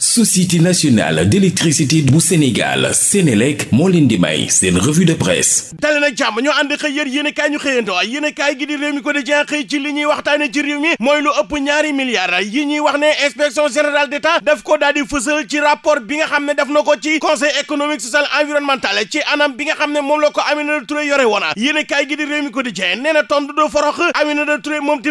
société nationale d'électricité bu Sénégal Sénélec moo leen di may seen revue de presse dali nag ñoo ànd xëy yër yéen kaay ñu xëyandoo yéen a kaay gi di réew mi ko di xëy ci li ñuy waxtaane ci réew mi mooy lu ëpp ñaari milliards yi ñuy wax ne inspection générale d'État daf ko daal di ci rapport bi nga xam ne def na ko ci conseil économique social environnemental ci anam bi nga xam ne moom la ko Aminata na tontu du forox Aminata Touré moom boo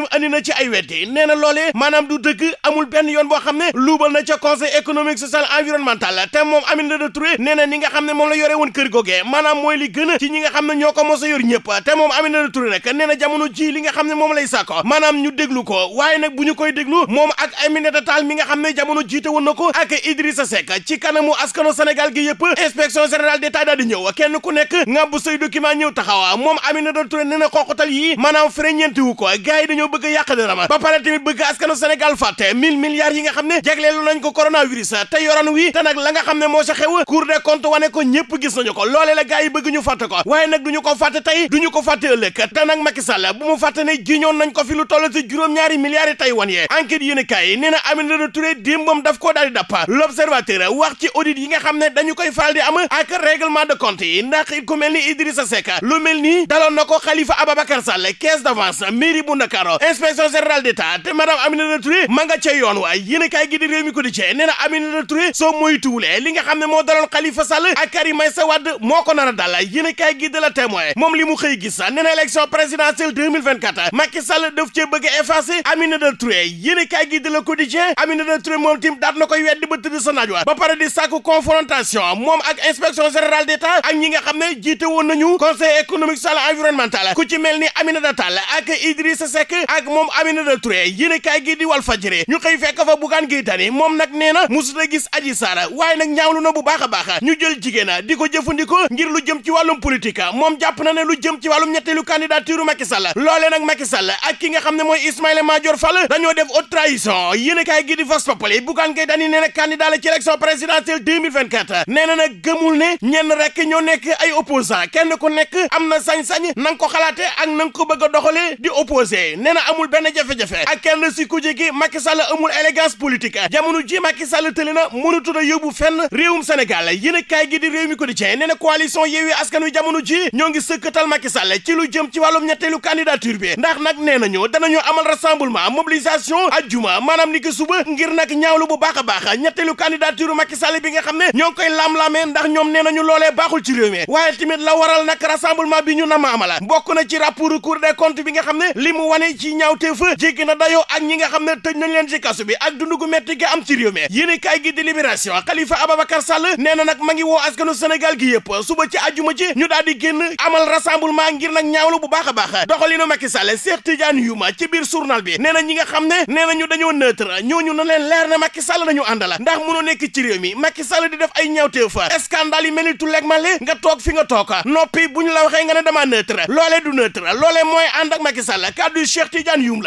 xam ne économique social environnemental te moom Aminata Touré nee na ni nga xam ne moom la yore woon kër googee maanaam mooy li gën a ci ñi nga xam ne ñoo ko mos a yor ñëpp te moom Aminata na jamono ji li yi maanaam fereñeenti ko gars dañoo bëgg yàq dara ba pare tamit bëgg askanu Sénégal fàtte mille milliards yi nga xam ne jagleelu nañ ko corona coronavirus te wi te la nga xam ne moo sa xew cour des comptes wane ko ñëpp gis nañu ko loole la gars yi bëgg ñu fàtte ko waaye nag du ko fàtte tey du ko fàtte ëllëg te nag bu mu fàtte ne jiñoon nañ ko fi lu toll ci juróom-ñaari milliards yi tey wan yee enquête yéen kaay nee na Aminata Touré démbam daf koo daal di dappa wax ci audit yi nga xam ne dañu koy faral di am ak règlement de compte yi ndax ku mel ni Idrissa Seck lu mel nii daloon Aminata Touré soo moytuwulee li nga xam ne moo daloon Khalifa Sall ak Karim Meïssa Wade moo ko nar a dal yéen kaay gi de la témoin moom li mu xëy gis nee na élection présidentielle 2024 Macky Sall daf cee bëgg a effacer Aminata Touré yéen kaay gi de la Quotidien Aminata Touré moom tim daat na koy we ba tëdd sa naaj wa ba pare di sàkku confrontation moom ak inspection générale d'État ak ñi nga xam ne jiite woon nañu conseil économique social environnemental ku ci mel ni Aminata Tall ak Idrissa Seck ak moom Aminata Touré yéen kaay gi di Walf Fadjri ñu xëy fekk fa Bougane Gueye moom nag nee na musuta gis aji saara waaye nag ñaawlu na bu baax a baax ñu jël jigéena di ko jëfandikoo ngir lu jëm ci wàllum politique moom jàpp na ne lu jëm ci wàllum ñetteelu candidature Macky Sall loole nag Macky Sall ak ki nga xam ne mooy Ismaïla Madior Fall dañoo def haute trahison yéen a kaay gi di Vox Populi Bougane Gueye Dany nee na candidat la ci élection présidentielle 2024 nee na nag gëmul ne ñenn rek ñoo nekk ay opposant kenn ku nekk am na sañ-sañ na ko xalaate ak na nga ko bëgg a doxalee di opposé nee na amul benn jafe ak kenn si kuje gi Macky Sall amul élégance politique jamono ji Macky Sall tëli na mënutu a yóbbu fenn réewum Sénégal yéen a kaay gi di réew mi ko di cee nee na coalition Yewwi Askan Wi jamono ji ñoo ngi sëkkatal Macky Sall ci lu jëm ci wàllum ñetteelu candidature bi ndax nag nee nañu danañu amal rassemblement ak ajjuma maanaam ni ki suba ngir nag ñaawlu bu baax a baax ñetteelu candidature Macky Sall bi nga xam ne ñoo ngi koy lam-lamee ndax ñoom nee nañu loolee baaxul ci réew mi waaye tamit la waral nag rassemblement bi ñu na maamala bokk na ci rapport Cour des bi nga xam ne li mu wane ci ñaawteef jéggi na dayoo ak ñi xam ne tëj nañ leen ci kaso bi ak dund gu metti gi am ci réew yéene kaay gi di libération Khalifa Ababacar Sall nee na nag ma ngi woo askanu Sénégal gi yëpp suba ci àjjuma ci ñu daal di génn amal rassemblement ngir nag ñaawlu bu baax a baax doxalinu Macky Sall Cheikh Tidiane Youma ci biir journal bi nee na ñi nga xam ne nee na ñu dañoo neutre ñooñu na leen leer ne Macky Sall dañu àndala ndax mënoo nekk ci réew mi Macky Sall di def ay ñaawteef scandale yi mel ni tulleeg male nga toog fi nga toog noppi bu ñu la waxee nga ne dama neutre loolee du neutre loolee mooy ànd ak Macky Sall kàddu Cheikh Tidiane ñi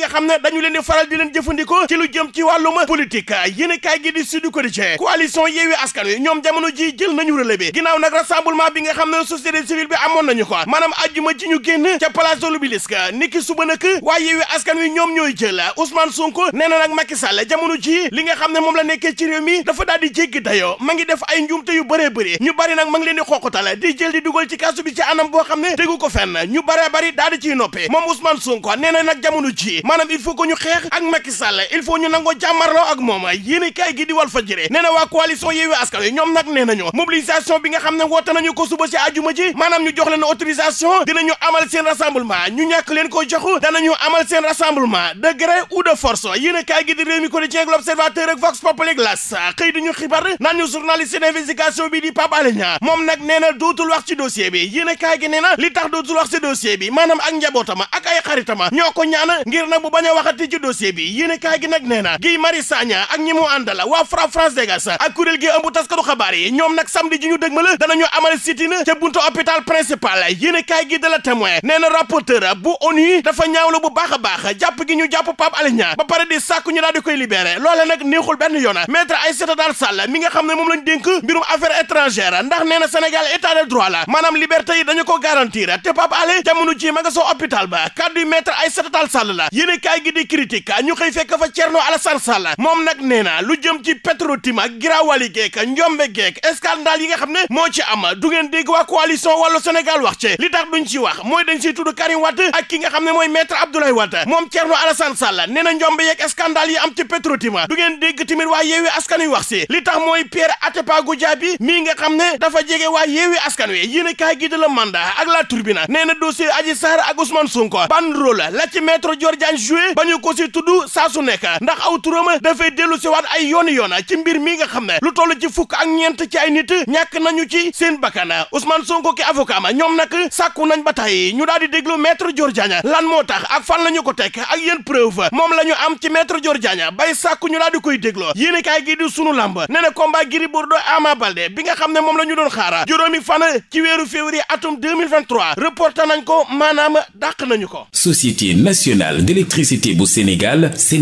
nga xam ne dañu leen di faral jëfandikoo ci lu jëm ci wàllum politique yéen kaay gi di Sud Quotidien coalition Yewwi Askan Wi ñoom jamono ji jël nañu relais bi ginnaaw nag rassemblement bi nga xam ne société civile bi amoon nañu ko maanaam ajjuma ji ñu génn ca place de l'Obélisque niki suba nag waa Yewwi Askan Wi ñoom ñooy jël Ousmane Sonko nee na nag Macky Sall jamono ji li nga xam ne moom la nekkee ci réew mi dafa daal di jéggi dayoo ma ngi def ay njuumte yu bëree bëri ñu bari nag ma ngi leen di xooqatal di jël di dugal ci kasu bi ne tegu ko fenn ñu bëree bëri daal di ciy noppee moom Ousmane Sonko nee na nag jamono ji maanaam il faut ñu xeex Sall il faut ñu nangoo jàmmarloo ak moom yéen i kaay gi di Walf Fadjri nee na waa coalition Yewwi Askan Wi ñoom nag nee nañu mobilisation bi nga xam ne woote nañu ko suba si àjjuma ji maanaam ñu jox leen autorisation dinañu amal seen rassemblement ñu ñàkk leen ko jox danañu amal seen rassemblement de gré ou de force yéen gi di Rewmi Quotidien di Pape Alé Niang moom nag nee na dootul wax ci dossier a na li tax dootul wax bi maanaam ak njabootama ak nag bu bañ a yéenekaay gi nag nee na Guy Marius ak ñi mu àndal waa Fra France Dégage ak kuréel gi ëmb taskatu xabaar ñoom nag samedi ji ñu dëgmal danañu amal sit-in ca buntu hôpital principal yéenekaay gi da la témoin nee na bu ONU dafa ñaawlu bu baax a baax jàpp gi ñu jàpp Pape Alé Niang ba di sàkku ñu daal di loole nag neexul benn yoon maître Aïssata Tall Sall mi nga xam ne moom lañ dénk mbirum affaires étrangères ndax nee na Sénégal de fekk fa Thierno Alassane Sall moom nag nee na lu jëm ci Petrotim ak giraawali geek njombe geek scandale yi nga xam ne moo ci am du ngeen dégg waa coalition wàllu Sénégal wax ci li tax duñ ci wax mooy dañ siy tudd Karim Wade ak ki nga xam ne mooy maître Abdoulaye Wade moom Thierno Alassane Sall nee na njombe yeeg scandale yi am ci Petrotim du ngeen dégg tamit waa yeewi askan wi wax ne dafa jege waa yeewi askan wi yéen a kaay gi de la mandat ak su nekk ndax aw turam dafay dellu si ay yoon yoon ci mbir mi nga xam ne lu toll ci fukk ak ñeent ci ay nit na ñu ci seen bakkan Ousmane Sonko ki avocat ma ñoom nag sàkku nañ ba tey ñu daal di déglu maître Dior Diagne lan moo tax ak fan la ñu ko teg ak yéen preuve moom la ñu am ci maître Dior Diagne bay sàkku ñu daal di koy dégloo yéen i kaay gi di sunu lamb ne na combat Gris Bordeaux Ama Baldé bi nga xam ne moom la ñu doon xaara juróomi fan ci weeru février atum 2023 reporté nañ ko maanaam dàq nañu ko société nationale d'électricité bu Sénégal Sénégal